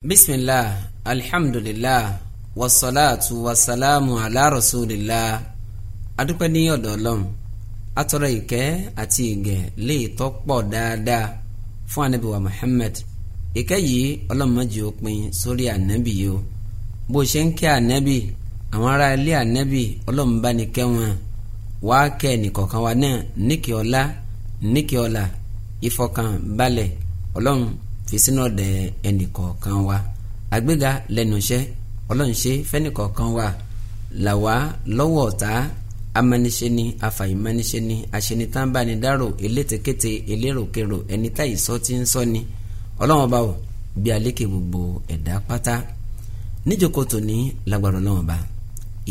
bisimilah alihamdulilah wasalaatu wasalaamu ala rasulillah adúpẹ́ ní ọ̀dọ̀ Ọlọ́run atọrọ ìkẹ́ àti ìgẹ̀ lè tọ́ pọ̀ dáadáa fún anabi wa Muhammad ìkẹ́ yìí Ọlọ́run má jẹ́ òpin sórí anabi yìí o bó ṣe ń kẹ́ anabi àwọn ará ilé anabi Ọlọ́run bá ní kẹ́ wàá kẹ́ ẹnìkọ̀ọ̀kan wa náà níkẹ́ ọlá ìfọkànbalẹ̀ Ọlọ́run fi sínú ọ̀dẹ̀ ẹnìkọ̀ọ̀kan wa àgbéga lẹ́nu iṣẹ́ ọlọ́nṣe fẹ́nìkọ̀ọ̀kan wa làwa lọ́wọ́ ọ̀tá amániṣeni afàìmániṣeni aṣenitánbánidárò elétekéte elérokèrò ẹni táyì sọ ti ń sọ ni ọlọ́wọ́n bá wò bí alékè gbogbo ẹ̀dá pátá níjókòó tòní lágbára ọlọ́wọ́n bá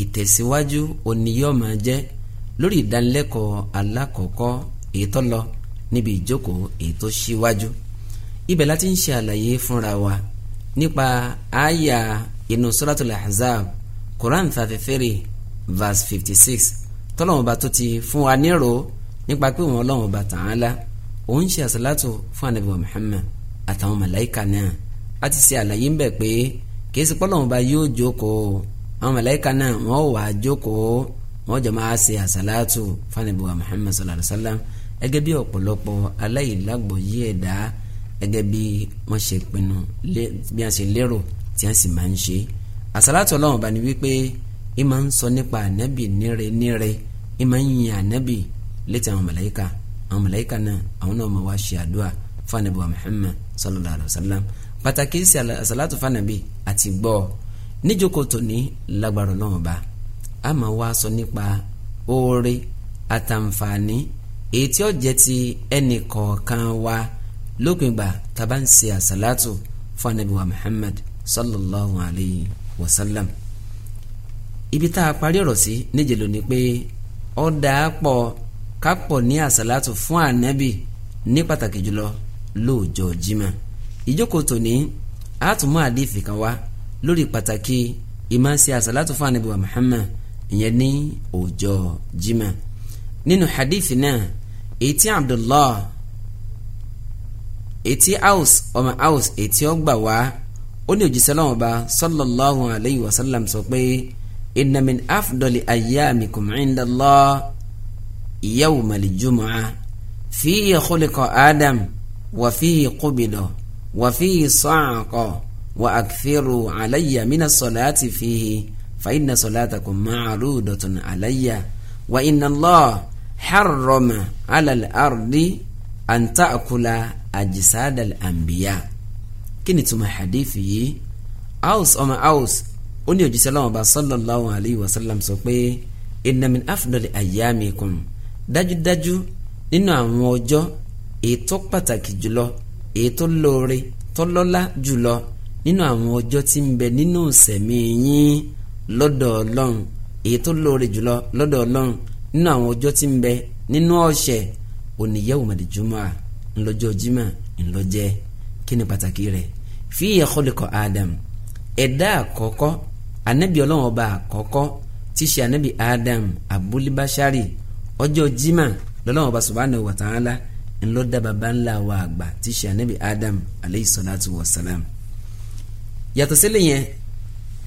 ìtẹ̀síwájú òní yóò máa jẹ́ lórí ìdánilẹ́kọ̀ọ́ alákọ̀ọ́kọ́ èyí tó lọ níbi ìjókòó èyí tó Si ibẹ̀ láti ń ṣe àlàyé fúnra wa nípa àyà inú suratul ahzab quran thirty three verse fifty six tọ́lọ́wọ́n bá tó ti fún wa nírò nípa pé wọn ọlọ́wọ́n bá tàn án la òun ṣe àṣàlátò fún anabi muhammad àtàwọn màláìka náà a ti ṣe àlàyé ń bẹ̀ pé kì í ṣe pọ́lọ́wọ́n bá yóò jókòó àwọn màláìka náà wọ́n wà á jókòó wọ́n jọ máa ṣe àṣàlátò fún anabi muhammad sallallahu alayhi wa sallam ẹgẹ́ bí ọ̀pọ̀lọpọ̀ aláìlágbòye ẹ̀dá gẹ́gẹ́ bí wọ́n ṣe pinnu bí wọ́n ṣe lérò tí wọ́n sì máa ń ṣe àsálàtù ọlọ́run bá ní wípé ẹ máa ń sọ nípa ànábì níre níre ẹ máa ń yin ànábì létí àwọn màláíkà àwọn màláíkà náà àwọn náà máa wá ṣe àdúrà fún ànábì wa Muhammad sallallahu alayhi wa sallam pàtàkì sí àsálàtù fànàbì àti gbọ́ níjókòó tòní lágbára ọlọ́run bá a máa wá sọ nípa oore àtàǹfààní èyí tí ó jẹ́ ti ẹnì kọ̀ọ̀kan wa lópin ìgbà taba ń ṣe àsálàtù fún anabi wa muhammad sallallahu alayhi wa sallam. ibi tá a parí ọ̀rọ̀ sí níjẹ̀ ló ní pé ó dáa pọ̀ ká pọ̀ ní àsálàtù fún anabi ní pàtàkì jùlọ lóòjọ́ jimá ìjókòó tòní àtúmọ̀ àdìfì kan wá lórí pàtàkì ìmá ṣe àsálàtù fún anabi wa ìyẹn ní ọjọ́ jimá nínú hadith náà ètí abdullah etí Aus ọmọ Aus etí ó gbà wá ó ní òjíṣẹ́ Ọlọ́hun Ọba sallallahu alayhi wa sallam sọ pé inna min afdali ayyamikum inda Allah yawmal jumu'ah fihi khuliqa Adam wa fihi qubida wa fihi sa'aqa wa akthiru alayya mina salati fihi fa inna salatakum ma'rudatun alayya wa inna Allah harrama ala al anta akula ajisadal anbiya kí ni tuma hadithi yìí aus ọmọ aus ó ní òjíṣẹ́ lọ́wọ́ bá sallallahu alayhi wa sallam sọ pé inna min afdali ayyamikum dájúdájú nínú àwọn ọjọ́ ètò pàtàkì jùlọ ètò lóore tọ́lọ́lá jùlọ nínú àwọn ọjọ́ tí ń bẹ nínú sẹ̀mí yín lọ́dọ̀ ọlọ́run ètò lóore jùlọ lọ́dọ̀ ọlọ́run nínú àwọn ọjọ́ tí ń bẹ nínú ọ̀sẹ̀ òní yawmal jumu'a ńlọ́jọ́ jimá ńlọ́jẹ́ kí ni pàtàkì rẹ̀ fíyà khuliqa Adam ẹ̀dá àkọ́kọ́ anabi ọlọ́run ọba àkọ́kọ́ tí ṣe anabi Adam abulibashari ọjọ́ jimá lọ́lọ́run ọba subhanahu wa ta'ala ńlọ́dà bàbá ńlá wa àgbà tí ṣe anabi Adam aleyhi salatu wa salam yàtọ̀ sílẹ̀ yẹn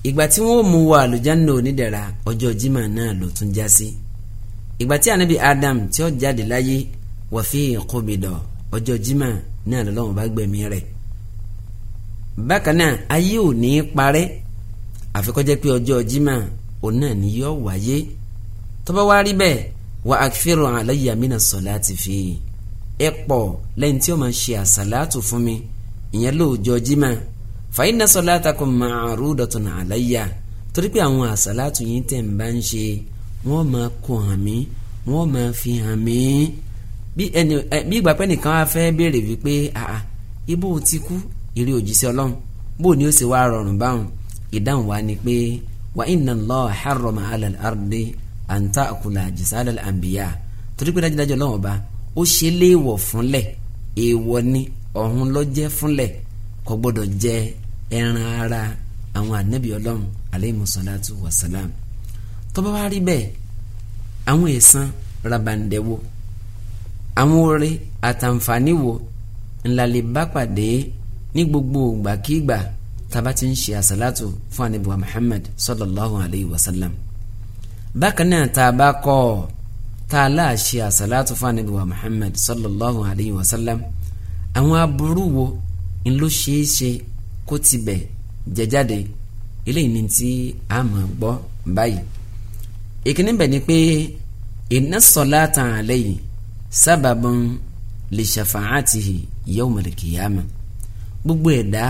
ìgbà tí wọ́n mú wa àlùjáná onídẹ̀ra ọjọ́ jimá náà ló tún já sí ìgbà tí anabi Adam tí ó jáde láyé wọ́fíì kọ́mìdọ̀ ọjọ́ jimá náà lọ́wọ́n bá gbẹ̀mí rẹ̀ bákan náà ayé ò ní í parẹ́ àfi pé ọjọ́ jimá òun náà ni yóò wáyé tó bá wá rí bẹ́ẹ̀ wà á fẹ́ràn aláyà mí náà sọ̀láàtì fi ẹ pọ̀ lẹ́yìn tí ó máa ṣe àsàlátù fún mi ìyẹn lóòjọ́ jimá fàyín náà sọ̀láàtà kò máa rú dọ̀tún àláyà torí pé àwọn àsàlátù yìí tẹ̀ ń bá ń ṣe wọ́n máa kó hàn mí wọ́n máa fi hàn mí bí ẹni bí ìgbà pẹ́ nìkan á fẹ́ béèrè wípé àà ibo ti kú ìrì òjíṣẹ́ ọlọ́run bó ni ó sì wá rọrùn báwọn ìdáhùn wa ni pé wa inna Allah harrama alal ardi an ta'kula jisadal anbiya torí pé dájúdájú ọlọ́run ọba ó ṣe léèwọ̀ fúnlẹ̀ èèwọ̀ ni ọ̀hún ló jẹ́ fúnlẹ̀ kò gbọ́dọ̀ jẹ ẹran ara àwọn ànábì ọlọ́run alayhi salatu wa salam tó bá wá rí bẹ́ẹ̀ àwọn ẹ̀san rabandẹ́wò àwọn oore àtàǹfààní wo ńlá lè bá pàdé ní gbogbo ìgbàkígbà tába ti ń ṣe àsálàtù fún anabiwa Muhammad sallallahu alayhi wa sallam bákan náà tá a bá kọ́ ọ tá a láà ṣe àsálàtù fún anabiwa Muhammad sallallahu alayhi wa sallam àwọn aburú wo ńlọ ṣeéṣe kó tibẹ̀ jẹjáde eléyìí ni ti a máa gbọ́ báyìí ìkíní bẹ̀ ni pé inna salata alayhi sábàbọn lè ṣàfàhàtìhì yawmal qiyamah gbogbo ẹ̀dá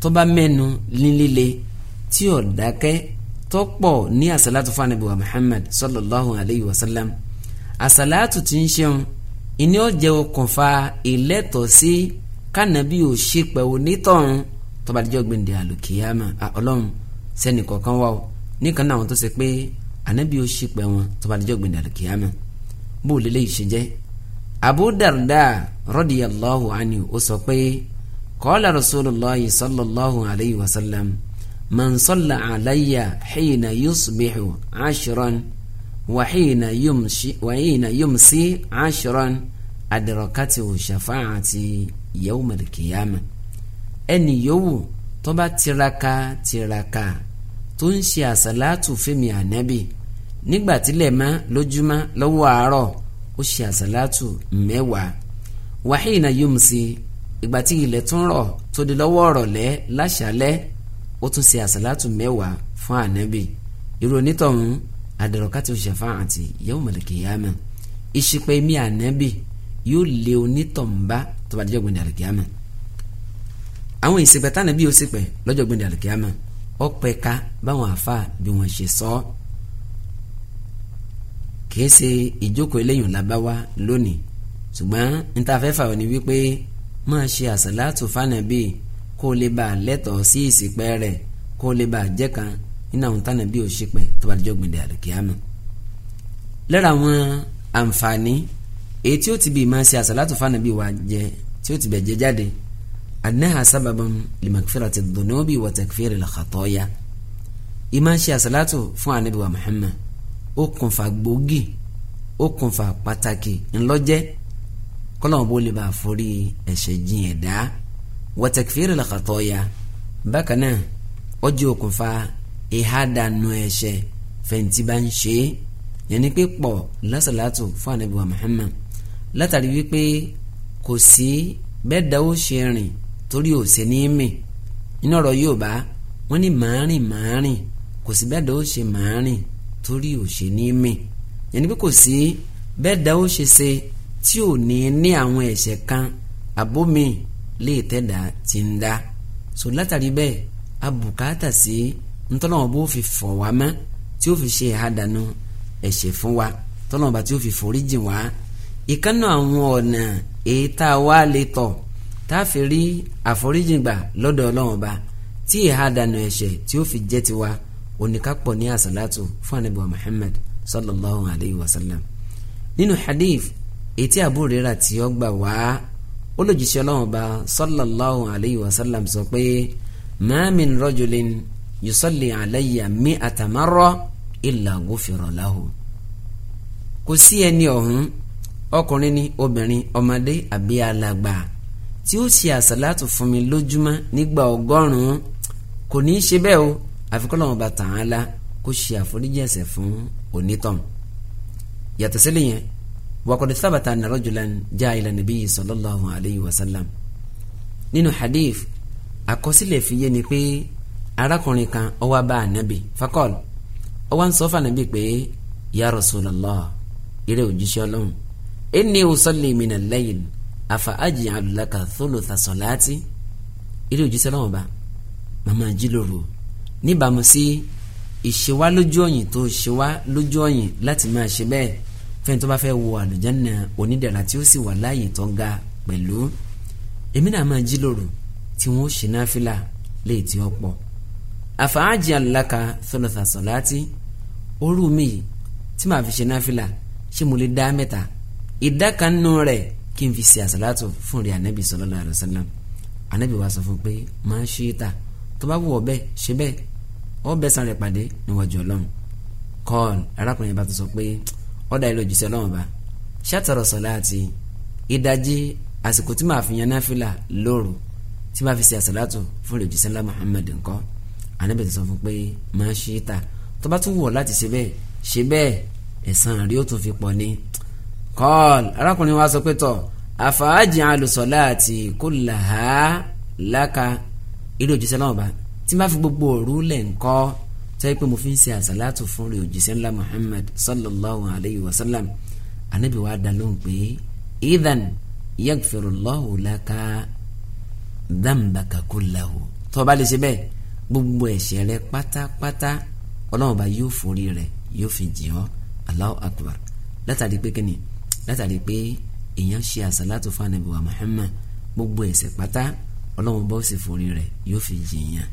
tó bá mẹ́nu lílile tí ò dákẹ́ tó pọ̀ ní àsàlátù fún wa Muhammad sallallahu alayhi wa sallam àsàlátù tí ń ṣeun ìní ó jẹ́ okùnfà ìlẹ́tọ̀ọ́sí kánàbí ò ṣe pẹ̀wò nítọ̀hún tó bá dijọ́ gbẹ̀ǹdẹ̀ àlùkìyàmà ọlọ́run sẹ́ni kọ̀ọ̀kan wà ó níkan náà àwọn tó ṣe pé ànábì ò ṣe pẹ̀ wọn tó bá dijọ́ bó lélẹ̀ yìí ṣe jẹ́ Abu Darda radiyallahu anhu ó sọ pé qala rasulullah sallallahu alayhi wa sallam man salla alayya hina yusbihu ashran wa hina yumshi wa hina yumsi ashran adrakati shafa'ati yawm al-qiyamah ẹni yòówù tó bá tiraka tiraka tó ń ṣe àsàlátù fẹ́mi ànábì nígbà tílẹ̀ mọ́ lójúmọ́ lọ́wọ́ àárọ̀ ó ṣe àsálátù mẹ́wàá wàhíìnà yomsi ìgbà tí ilẹ̀ tún rọ̀ tó di lọ́wọ́ ọ̀rọ̀lẹ́ láṣálẹ́ ó tún ṣe àsálátù mẹ́wàá fún ànábì irú onítọ̀hún àdàrọ̀kátì òṣèfà àti yawmal qiyamah ìṣípẹ́ mi ànábì yóò lé onítọ̀ǹba tó bá dé ọ̀gbìn àlùkìyàmà àwọn ìṣèpẹ́ tánàbí ó ṣìpẹ́ lọ́jọ́ ọ̀gbìn àlùkìyàmà ọ̀pẹ̀ka báwọn àfa bí wọ́n ṣe sọ kìí ṣe ìjókòó eléyìí làbá wa lónìí ṣùgbọ́n nítafẹ́fà ò ní wípé máa ṣe àṣàlátù fànàbí kó o lè bá a lẹ́tọ̀ọ́ sí ìsìpẹ́ rẹ̀ kó o lè bá a jẹ́ kan nínú àwọn tànàbí òṣìpẹ́ tó bá dijọ́ gbìndé àlùkìyàmù. lára àwọn àǹfààní èyí tí ó ti bí máa ṣe àṣàlátù fànàbí wa jẹ tí ó ti bẹ̀ jẹ jáde annaha sábàbọ̀n limakfirati dhunubi wa takfiri lakhatọ́ya ìmáa ṣe àṣàlátù fún ànábì wa Muhammad okùnfà gbòógì okùnfà pàtàkì ńlọ́jẹ́ kọ́lọ́mù bó lè bá forí ẹ̀ṣẹ̀ jìn ẹ̀dá wa takfiril khatoya bákan náà ó jẹ́ okùnfà ìhádànù ẹ̀ṣẹ̀ fẹ̀ǹtì bá ń ṣe é yẹn ni pé pọ̀ lásàlátù fún ànábì wa Muhammad látàrí wípé kò sí bẹ́ẹ̀ dáwó ṣe rìn torí ò ṣe ní mì nínú ọ̀rọ̀ Yorùbá wọ́n ní màárìn màárìn kò sí bẹ́ẹ̀ dáwó ṣe màárìn torí ò ṣe ní mì yẹn ni pé kò sí bẹ́ẹ̀ dá ó ṣe ṣe tí ò ní ní àwọn ẹ̀ṣẹ̀ kan àbómi lè tẹ̀dá ti ń dá so látàrí bẹ́ẹ̀ abùkátà sí ntọ́nàwọ́n bó fi fọ̀ wá mọ́ tí ó fi ṣe àdánù ẹ̀ṣẹ̀ fún wa tọ́nàwọ́n bá tí ó fi foríjì wá ìkànnà àwọn ọ̀nà èyí tá lè tọ̀ tá a fi rí àforíjì gbà lọ́dọ̀ ọlọ́wọ́n bá tí ìhàdánù ẹ̀ṣẹ̀ tí ó fi jẹ́ tiwa oníkápọ̀ ní àsàlátù fún ànábì wa Muhammad sallallahu alayhi wa sallam nínú hadith etí Abu Huraira tí ó gbà wá olójúṣe ọlọ́run ọba sallallahu alayhi wa sallam sọ pé ma min rajulin yusalli alayya mi'ata marra illa ghufira lahu kò sí ẹni ọ̀hún ọkùnrin ni obìnrin ọmọdé àbí alàgbà tí ó ṣe àsàlátù fún mi lójúmọ́ nígbà ọgọ́rùn-ún kò ní í ṣe bẹ́ẹ̀ o àfikọ́lọ́wọ́n bá tàn án la kó ṣe àforíjì ẹ̀ṣẹ̀ fún onítọ̀hún yàtọ̀ sílẹ̀ yẹn wakọ̀dé sábàtà nàrọ́jùlan ja'ila nabiyyi sallallahu alayhi wa sallam nínú hadith àkọsílẹ̀ fi yé ni pé arákùnrin kan ó wá bá ànábì fakọ́l ó wá ń sọ fún ànábì pé ya rasulallah eré òjíṣẹ́ ọlọ́run inni usalli minal layl afa aj'alu laka thulutha salati eré òjíṣẹ́ ọlọ́run ọba màmá jí lóru níbàámu sí ìṣèwá lójú ọ̀yìn tó ṣèwá lójú ọ̀yìn láti máa ṣe bẹ́ẹ̀ fẹ́ni tó bá fẹ́ wọ àlùjáná onídàrá tí ó sì wà láàyè tó ga pẹ̀lú èmi náà máa jí lóru tí wọ́n ó ṣe náfìlà léè tí ó pọ̀ àfàájì àlùlákà sọlọ́tà sọ̀láàtì òru mi yìí tí màá fi ṣe náfìlà ṣé mo lè dá mẹ́ta ìdá kan nù rẹ̀ kí n fi ṣe àsàlátù fún rí anabi sallallahu alaihi wasallam wa sọ fún pé máa ṣe é ta tó bá wù ọ́ bẹ́ẹ̀ ṣe bẹ́ẹ̀ ó bẹ̀sán rẹ̀ pàdé níwájú ọlọ́run kọ́ọ̀lù arákùnrin yẹn bá tó sọ pé ọ̀dà ilé òjìṣẹ́ ọlọ́run bá ṣàtọ̀rọ̀ sọ̀lá àti ìdajì àsìkò tí màá fi yan náfìlà lóru tí màá fi ṣe àsàlátù fún òjìṣẹ́ ńlá Muhammad ńkọ́ ànábì tó sọ fún pé máa ṣe é ta tó bá tún wọ̀ láti ṣe bẹ́ẹ̀ ṣe bẹ́ẹ̀ ẹ̀san rí ó tún fi pọ̀ ni kọ́ọ̀lù arákùnrin wa sọ pé tọ̀ àfàájì alùsọ̀lá àti kùlàhá láka ilé òjìṣẹ́ ọlọ́run bá tí n bá fi gbogbo òru lẹ̀ ńkọ́ tẹ́ pé mo fi ń ṣe àṣàlátù fún rẹ̀ òjíṣẹ́ ńlá Muhammad sallallahu alayhi wa sallam anabi wa dá lóhùn pé idan yagfirullahu laka dambaka kullahu tó bá lè ṣe bẹ́ẹ̀ gbogbo ẹ̀ṣẹ̀ rẹ pátápátá ọlọ́run bá yóò forí rẹ̀ yóò fi jì ọ́ Allahu akbar látàrí pé kíni látàrí pé èèyàn ṣe àṣàlátù fún anabi wa Muhammad gbogbo ẹ̀ṣẹ̀ pátá ọlọ́run bá ó sì forí rẹ̀ yóò fi jì yàn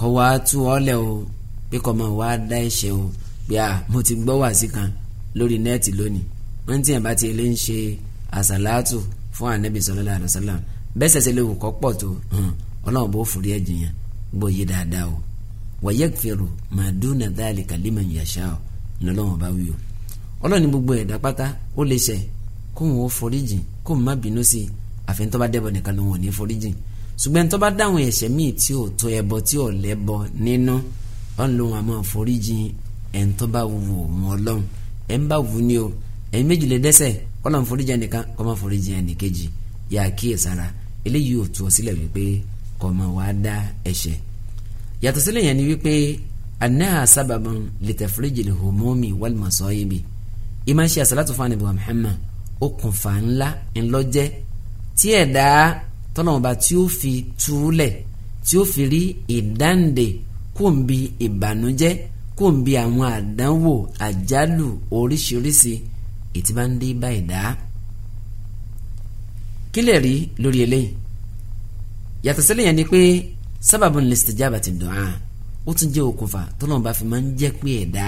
kọ́ wá tú ọ́lẹ̀ o pé kọ́ máa wá dá ẹ̀ṣẹ̀ o pé à mo ti gbọ́ wàásì kan lórí nẹ́ẹ̀tì lónìí wọ́n ti yàn bá ti lè ń ṣe àsàlátù fún ànábì sallallahu alaihi wasallam bẹ́ẹ̀ sẹ́sẹ́ lè wù kọ́ pọ̀ tó ọlọ́run bó fúri ẹ̀ jìyàn gbọ́ yé dáadáa o wa yakfiru ma duna dhalika liman yasha o lọ́lọ́run bá wí o ọlọ́run gbogbo ẹ̀dá pátá ó lè ṣẹ̀ kóun ó foríjìn kóun má bínú sí àfẹ́ntọ́ba dẹ́bọ̀ nìkan ló ń wọ̀ ní foríjìn ṣùgbọ́n tó bá dáhùn ẹ̀ṣẹ̀ míì tí ò tó ẹbọ tí ò lẹ́bọ nínú ọlọ́run àmọ́ foríjì ẹ̀ń tó bá wù òun ọlọ́run ẹ̀ ń bá wù ní o ẹ̀yin méjì lè dẹ́ṣẹ̀ ọlọ́run foríjì ẹnìkan kó má foríjì ẹnìkejì yà á kíyèsára eléyìí ò tú ọ sílẹ̀ wípé kó wàá dá ẹ̀ṣẹ̀ yàtọ̀ sílẹ̀ yẹn ni wípé anáhà sábàbọ̀n lìtẹ̀fúrẹ́jì lè hò mọ́mì wàlùmọ̀ sọ yìí bi ìmáṣe àsálàtúfà níbi wà Muhammad okùnfà tọ́nàmọba tí ó fi túlẹ̀ tí ó fi rí ìdáǹdè kó ń bi ìbànújẹ́ kó ń bi àwọn àdánwò àjálù oríṣiríṣi ètí bá ń dé bá ìdá. kí lè rí lórí eléyìí yàtọ̀ sílẹ̀ yẹn ni pé sábàbù ní lẹ́sítẹ́jáàbà ti dùn án ó tún jẹ́ okùnfà tọ́nàmọba fi máa ń jẹ́ pé ẹ̀dá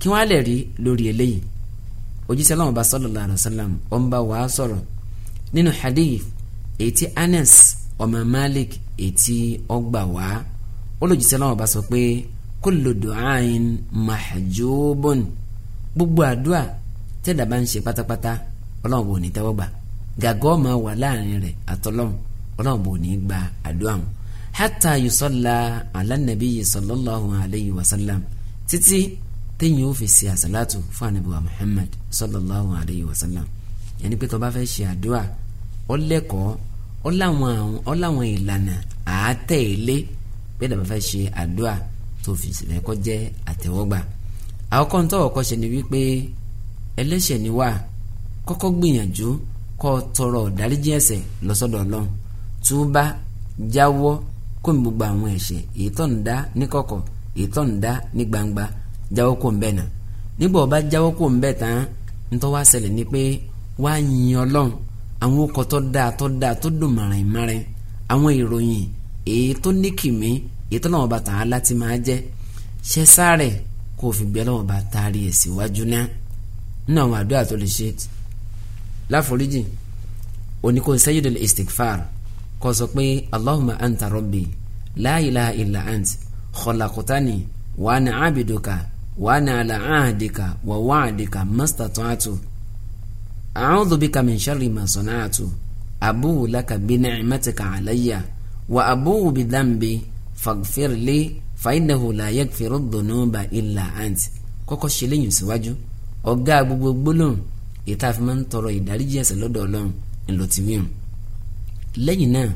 kí wọ́n á lè rí lórí eléyìí òjíṣẹ́ aláwọ̀ bá sallallahu alaihi wasallam ó ń sọ̀rọ̀ nínú hadith ètí Anas ọmọ Malik ètí ọgbà wá olùjíṣẹ́ náà bá sọ pé kullu du'ain mahjubun gbogbo àdúrà tẹ́dà bá ń ṣe pátápátá ọlọ́run bò ní tẹ́wọ́ gbà gàgọ́ máa wà láàrin rẹ̀ àtọ́lọ́run ọlọ́run bò ní gba àdúrà wọn hatta yusalla ala nabiyyi sallallahu alayhi wa sallam títí téèyàn ó fi fún anabiwa Muhammad sallallahu alayhi wa sallam yẹn pé tó bá fẹ́ ṣe àdúrà ó lẹ́kọ̀ọ́ ó láwọn àwọn ó láwọn ìlànà àátẹ̀lé bí ẹ̀dá bá fẹ́ ṣe àdúrà tó fi sílẹ̀ kọ́ jẹ́ àtẹ̀wọ́gbà àkọ́kọ́ ń tọ́wọ́ kọ́ ṣe ni wípé ẹlẹ́ṣẹ̀ ni wá kọ́kọ́ gbìyànjú kó tọrọ ìdáríjì ẹ̀ṣẹ̀ lọ́sọ́dọ̀ ọlọ́run túbá jáwọ́ kó mi gbogbo àwọn ẹ̀ṣẹ̀ èyí tó ń dá níkọ̀kọ̀ èyí tó ń dá ní gbangba jáwọ́ kó ń bẹ̀ náà nígbà ọba jáwọ́ kó ń bẹ̀ tán ń tọ́wọ́ àṣẹlẹ̀ ni pé wá yin ọlọ́run àwọn ọkọ̀ tó dáa tó dáa tó dùn mọ̀rìnmọ̀rìn àwọn ìròyìn èyí tó ní kìmí èyí tó lọ́wọ́ bá tàn án láti máa jẹ́ ṣe sáré kó o fi gbé lọ́wọ́ bá taari ẹ̀ síwájú náà nínú àwọn àdúrà tó lè ṣe láforíjì òní kò sayyidul istighfar kó o sọ pé allahumma anta rabbi la ilaha illa ant khalaqtani wa ana abiduka wa ana ala ahdika wa wa'dika mastata'tu a'udhu bika min sharri ma sana'tu abu'u laka bi ni'matika alayya wa abu'u bi dhanbi faghfir li fa innahu la yaghfiru dhunuba illa ant kọ́kọ́ ṣe lẹ́yìn síwájú ọ̀gá gbogbo gbólóhùn ìta fi máa ń tọrọ ìdáríjì ẹ̀ṣẹ̀ lọ́dọ̀ Ọlọ́run ńlọ ti wíwọ̀n lẹ́yìn náà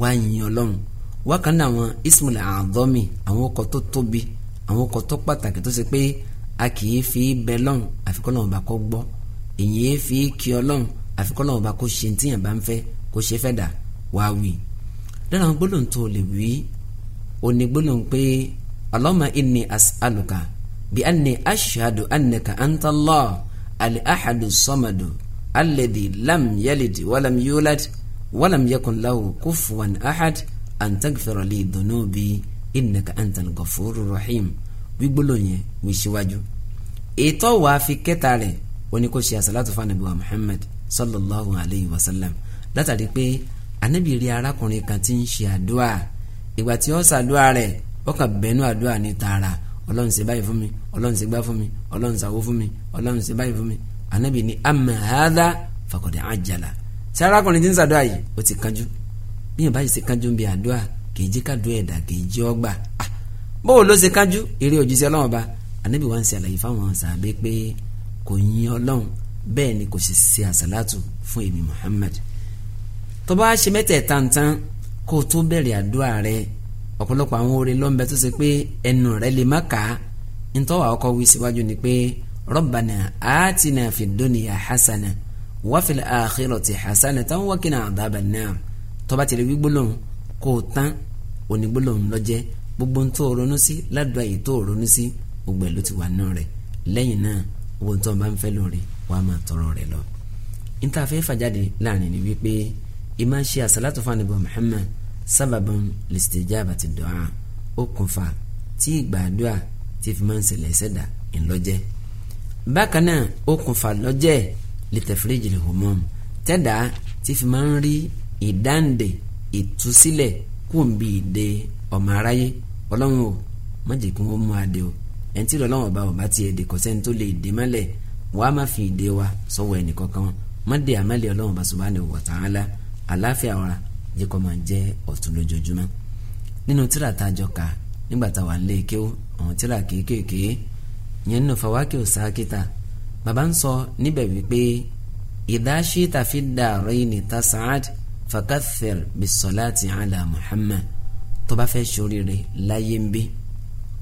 wàá yin Ọlọ́run wàá àwọn ismul tóbi àwọn ọkọ̀ pàtàkì tó ṣe pé a kì í fi bẹ àfikún náà bá kọ́ gbọ́ èyí é fi kí ọlọ́run àfikọ́lọ́ ọba kó ṣe tíyàn bá ń fẹ́ kó ṣe fẹ́ dà wá wí. lára àwọn gbólóhùn tó lè wí òní gbólóhùn pé Allahumma inni as'aluka bi anni ashhadu annaka anta Allah al-ahadu samadu alladhi lam yalid walam yulad walam yakun lahu kufuwan ahad an tagfira li dhunubi innaka antal rahim gbígbólóhùn yẹn wíṣíwájú. ètò wàá fi kẹta rẹ̀ ó ní kó ṣe àsàlátù fún anabi wa Muhammad sallallahu alayhi wa sallam látàrí pé anabi rí arákùnrin kan tí ń ṣe àdúrà ìgbà tí ó ṣàdúrà rẹ̀ ó kàn bẹnu àdúrà ní tààrà ọlọ́run ṣe báyìí fún mi ọlọ́run ṣe gbá fún mi ọlọ́run ṣàwó fún mi ọlọ́run ṣe báyìí fún mi anabi ni amma hada faqad ajala ṣé arákùnrin tí ń ṣàdúrà yìí ó ti kánjú bí yẹn báyìí ṣe kánjú ń bi àdúrà kì í jẹ́ kádùn ẹ̀dá kì í jẹ́ ọgbà ah, bó o ló ṣe kánjú eré òjíṣẹ́ ọlọ́run ba anabi wa ń ṣe àlàyé fáwọn sàbẹ́ pé kò yin ọlọ́run bẹ́ẹ̀ ni kò sì ṣe àsálàtù fún èmi Muhammad tó bá ṣe mẹ́tẹ̀ẹ̀ta tán kó o tó bẹ̀rẹ̀ àdúrà rẹ ọ̀pọ̀lọpọ̀ àwọn oore lọ́nbẹ tó ṣe pé ẹnu rẹ lè má kà á ntọ́wà ọkọ̀ wí síwájú ni pé Rabbana atina fid hasana wa fil akhirati hasana táwọn wákìnà adhaban nar tó bá ti lè wí gbólóhùn kó o tán onígbólóhùn lọ́jẹ́ gbogbo ntó ronú sí ládùá yìí tó ronú sí gbogbo ẹ̀ ló ti wà nù rẹ̀ lẹ́yìn náà owó tó bá ń fẹ́ lóore wàá máa tọrọ rẹ̀ lọ. níta fẹ́ fàjáde láàrin ni wípé ìmáa ṣe àsálàtò fún ànábì Muhammad sábàbọ̀n lìstìjáàbàtì dọ́à okùnfà tí ìgbàdúà ti fi máa ń ṣẹlẹ̀ ṣẹ̀dá ńlọ́jẹ́. bákan náà okùnfà lọ́jẹ́ lìtẹ̀fìrìjì lìhùmọ́ọ̀mù tẹ́dà ti fi máa ń rí ìdáǹdè ìtúsílẹ̀ kùnbí ìdè aráyé ọlọ́run ò má jẹ́ mú adé o ẹni tí ìrọ̀lọ́wọ̀n bá ọba tiẹ̀ dè kọ́sẹ́ni tó lè dè mọ́lẹ̀ wàá má fi ìdè wa sọ̀wọ́ ẹnì kankan mọ́dé àmàlẹ́ ọlọ́wọ̀n bá subhanahu wa ta'ala àláfíà wa jẹ́ kọ́ máa jẹ́ ọ̀tún lójoojúmọ́ nínú tíra tá a jọ kà nígbà tá a wà ń lé kéw àwọn tíra kéékèèké yẹn nínú fawákìó sákìtà bàbá ń sọ níbẹ̀ wípé ìdáṣí tàfi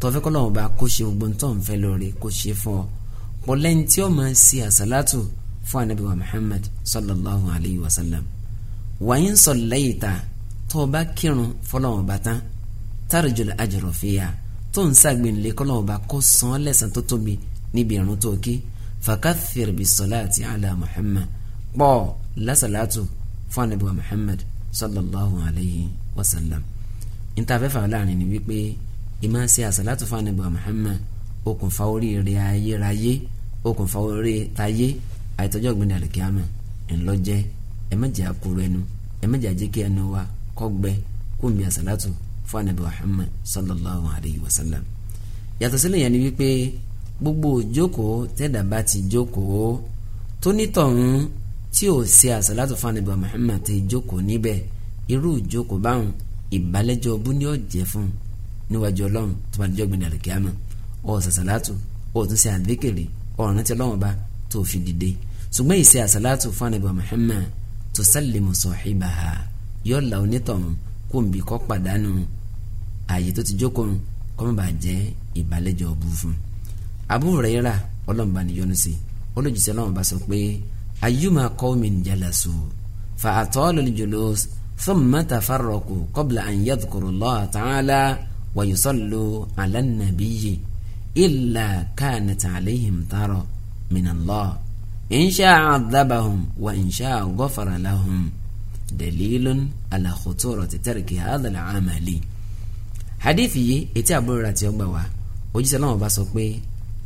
tọ́fẹ́ kọ́ lọ́wọ́ bá kó ṣe ogbon tó ń fẹ́ lórí kó ṣe fún ọ pọ̀lẹ́ni tí ó máa ń ṣe àṣàlátù fún anabi wa muhammad sallallahu alayhi wa sallam wàyí ń sọ lẹ́yìn ta tó o bá kírun fọlọ́wọ́ bá tán tárìjọ́lẹ̀ àjọrò fìyà tó ń ṣàgbìnlẹ̀ kọ́ lọ́wọ́ bá kó san án lẹ́sàn tó tóbi níbi ìrún tó kí fakathir bi salati ala muhammad pọ̀ lásàlátù fún anabi wa muhammad sallallahu alayhi wa sallam ìtàfẹ́fà láàrin ni wípé ìmọ̀ ṣe àṣàlátù fún ànábì Muhammad okùnfà oríire ayérayé okùnfà oríire tayé àìtọ́jọ́ ọ̀gbìn àlùkìyàmà ńlọ́jẹ́ ẹ má jẹ́ àkúrò ẹnu ẹ má ẹnu wa kọ́gbẹ́ kùnbí àṣàlátù fún ànábì Muhammad sallallahu alayhi wa sallam. yàtọ̀ sílẹ̀ yẹn ni wípé gbogbo òjókòó tẹ́dà bá ti jókòó tónítọ̀hún tí ò ṣe àṣàlátù fún ànábì Muhammad ti jókòó níbẹ̀ irú ìjókòó báwọn ìbálẹ́jọ́ ọbú ni ó jẹ́ fún un níwájú ọlọ́run tó bá dijọ́ gbẹ̀dẹ̀ àlùkìyàmọ̀ ó sàṣàlátù ó tún ṣe àdìkèrè ọ̀ràn tí ọlọ́run bá tó fi dìde ṣùgbọ́n ìṣe àṣàlátù fún ànábì Muhammad tó sálẹ̀mù sọ̀hìbàhà yóò la onítọ̀hún kó n bí kọ́ pàdánù ààyè tó ti jókòó kó má bàa jẹ́ ìbálẹ́jọ́ ọ̀bù fún un. Abu Huraira ọlọ́mùbá ni yọnu sí olójúṣe ọlọ́mùbá sọ pé ayyuma qawmin jalasu fa atalu al-julus thumma tafarraqu qabla an yadhkuru Allah ta'ala wàyùsọ̀lù alánàbíyì ìlà káànìtà àléhìm tààrọ̀ mìnàlọ́ ìnṣà àdábàhùn wà ìnṣà gọ́fàràláhùn dalilun alakotora tẹ̀tẹ̀rẹ̀kì àdàlà àmàlì. hadithi yìí etí àbúrò rà tí ó gbà wá òjíṣẹ́ náà bá sọ pé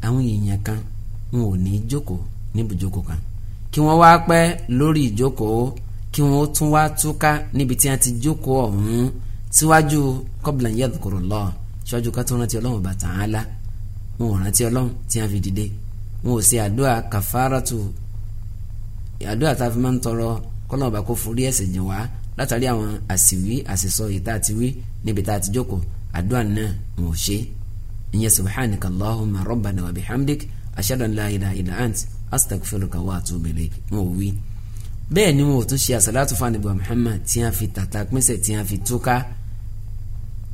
àwọn èèyàn kan wọn ò ní jókòó níbùjókòó kan kí wọ́n wá pẹ́ lórí ìjókòó kí wọ́n tún wá túká níbi tí wọ́n ti jókòó ọ̀hún síwájú kọ́bìlà yẹ́ dùkúrò lọ síwájú ká tó rántí ọlọ́run bàtà á la wọn ò rántí ọlọ́run tí wọn fi dìde wọn ò ṣe àdúrà kàfàràtù àdúrà tá a fi máa ń tọrọ kọ́lọ́run bá kó forí ẹ̀ṣẹ̀ jìn wá látàrí àwọn àsìwí àsìsọ ìta àti wí níbi tá a ti jókòó àdúrà náà wọn ò ṣe ìyẹn subhanaka allahumma rabbana wa bihamdik ashhadu an la ilaha illa ant astaghfiruka wa atubu ilayk wọn ò wí bẹ́ẹ̀ ni wọn ò tún ṣe àsàlátù fún ànábì Muhammad tí wọn fi tàtà pínṣẹ̀ tí wọn fi túká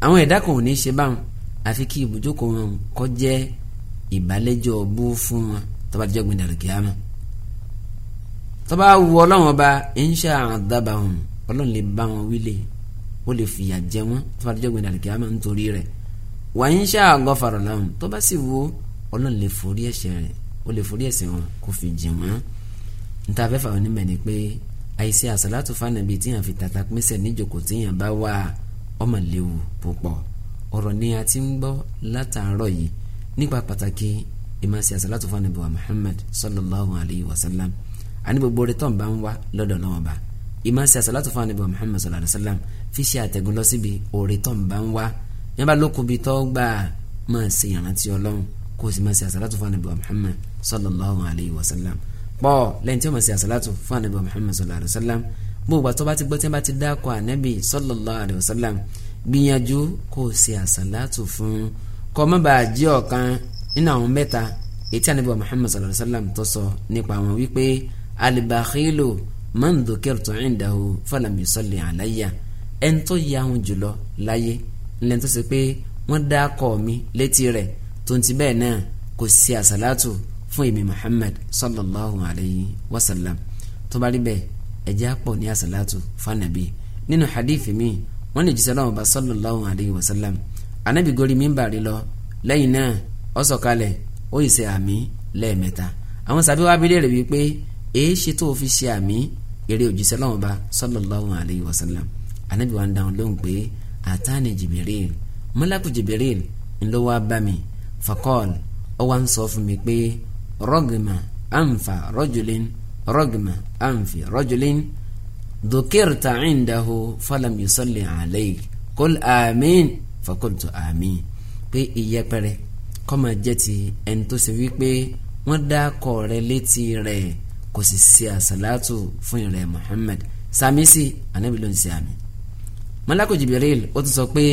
àwọn ẹ̀dá kan ò ní ṣe báwọn àfi kí ibùjókòó wọn kó jẹ́ ìbálẹ́jọ́ bú fún wọn tó bá jẹ́ gbin dàrúkì àmọ́ tó bá wù ọlọ́wọ́n ọba ẹ̀ńṣà àdábà wọn ọlọ́run lè bá wọn wílé ó lè fìyà jẹ wọn tó bá jẹ́ gbin dàrúkì àmọ́ nítorí rẹ̀ wà ẹ̀ńṣà àgọ́fàrọ̀ làwọn tó sì wù ọlọ́run lè forí ẹ̀ṣẹ̀ rẹ̀ ó lè forí ẹ̀ṣẹ̀ wọn kó fi jì wọ́n níta afẹ́fà onímọ̀ ni pé àìsí àsàlátù fánàbí tíyàn fi tàtà pínṣẹ̀ níjòkó tíyàn bá wà á ọmọ léwu púpọ̀ ọ̀rọ̀ ni a ti ń gbọ́ látàárọ̀ yìí nípa pàtàkì ìmọ̀sí àsàlátù fún anabi wa Muhammad sallallahu alayhi wa sallam àní gbogbo rẹ̀ tó ń bá ń wá lọ́dọ̀ náà bá ìmọ̀sí àsàlátù fún anabi wa Muhammad sallallahu alayhi wa sallam fi ṣe àtẹ̀gùn lọ síbi òòrè tó ń bá ń wá yẹn bá lókun bíi tó gbà máa ṣe ìrántí ọlọ́run kó sì máa ṣe fún anabi wa Muhammad sallallahu alayhi wa sallam pọ̀ lẹ́yìn tí ó máa ṣe fún anabi wa Muhammad sallallahu alayhi wa sallam gbogbo àti ọba ti gbọ́ tí wọ́n bá ti dákọ̀ ànábì sallallahu alaihi wasallam gbìyànjú kó o ṣe àsàlátù fún un kọ́ mọ́ bàa jẹ́ ọ̀kan nínú àwọn mẹ́ta ètí ànábì Muhammad sallallahu alaihi wasallam tó sọ nípa àwọn wípé al-bakhilu man dhukirtu indahu falam yusalli alayya ẹni tó yà wọn jùlọ láyé ńlẹ́ni tó ṣe pé wọ́n dákọ̀ mi létí rẹ̀ tó ń ti bẹ́ẹ̀ náà kò ṣe àsàlátù fún èmi Muhammad sallallahu alaihi wasallam tó bá rí bẹ́ẹ̀ ẹjẹ́ àpọ̀ ní àsàlátù fanabi nínú hadith mi wọ́n ní jísẹ́ lọ́wọ́ bá sallallahu alayhi wa sallam anabi gorí mímbàrí lọ lẹ́yìn náà ó sọ̀kalẹ̀ ó yìí ṣe àmì lẹ́ẹ̀mẹ́ta àwọn sàbí wa bí léèrè wípé èé ṣe tó fi ṣe àmì eré òjíṣẹ́ lọ́wọ́ bá sallallahu alayhi wa sallam anabi wa ń dáhùn lóhùn pé àtàní jìbìrìl mọ́lákù jìbìrìl ńlọ wá bá mi fakọ́ọ̀l ó wá ń sọ fún mi pé rọ́gìmà àǹfà rọ́jùlín rọgìmà ànfì rọjòlín dùkìrìtà ìndàhù fọlọmù sọlẹ àlẹyé kọl àmín fọkùntù àmín pé ìyẹpẹrẹ kọ́mà jẹ́ ti ẹni tó ṣe wípé wọ́n dá kọ́ rẹ létí rẹ̀ kò sì ṣe àṣàlátù fún ìrẹ̀ Muhammad sàmísì ànábì ló ń ṣe àmì. malako Jibril ó ti sọ pé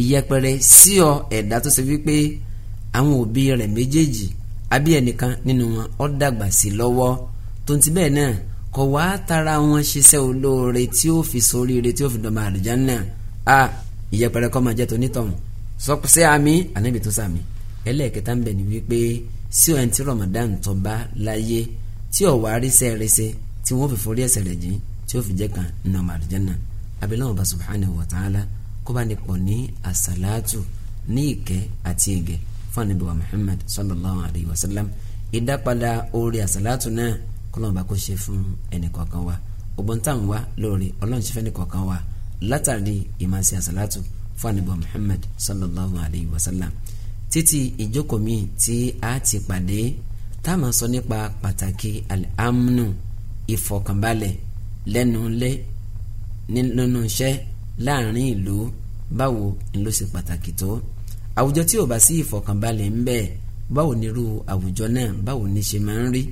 ìyẹpẹrẹ sí ọ ẹ̀dá tó ṣe wípé àwọn òbí rẹ̀ méjèèjì àbí nínú wọn ó dàgbà sí lọ́wọ́ tonti bẹ́ẹ̀ náà kọ̀ wá tara wọn ṣiṣẹ́ olóore tí ó fi soríire tí ó fi dọ̀mọ àlùjánnà a ìyẹpẹrẹ kọ́ máa jẹ́ tó nítọ̀hún sọpẹ́sẹ́ àmì ànábì tó sàmì ẹlẹ́ẹ̀kẹta ń bẹ̀ ni wípé sí ọ̀hún tí Ramadan tó bá láyé tí ọ̀wá ríṣẹ́ ríṣẹ́ tí wọ́n fi forí ẹ̀ṣẹ̀ rẹ̀ jìn tí ó fi jẹ́ kan nínú ọmọ àlùjánnà abiláwọn bá subhanahu wa ta'ala kó bá ní ní asàlátù ní ìkẹ́ àti ìgẹ̀ fún ànábì Muhammad sallallahu alayhi wa sallam ìdápadà orí asàlátù náà kọ́lọ́n bá kó ṣe fún ẹnì kọ̀ọ̀kan wa ọgbọ́n tá à ń wá wa látàrí ìmọ̀ọ́sí àsálàtù fún àníbọ̀ Muhammad sallallahu alayhi wa sallam títí ìjókòó mi tí a ti pàdé tá a máa sọ nípa pàtàkì al-amnu ìfọ̀kànbalẹ̀ lẹ́nu lẹ́ nínú iṣẹ́ láàrin ìlú báwo ni ló ṣe pàtàkì tó àwùjọ tí ò bá sí ìfọ̀kànbalẹ̀ ń bẹ báwo nírú àwùjọ náà báwo ni ṣe máa ń rí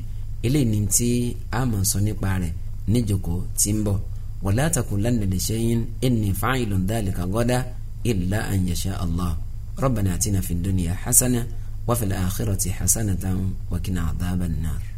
eléyìí ni tí a máa sọ nípa rẹ̀ níjòkó tí ń bọ̀ wala taqulanna li shay'in inni fa'ilun dhalika ghadan illa an yasha Allah rabbana atina fid dunya hasana wa fil akhirati hasanatan wa qina adhaban nar.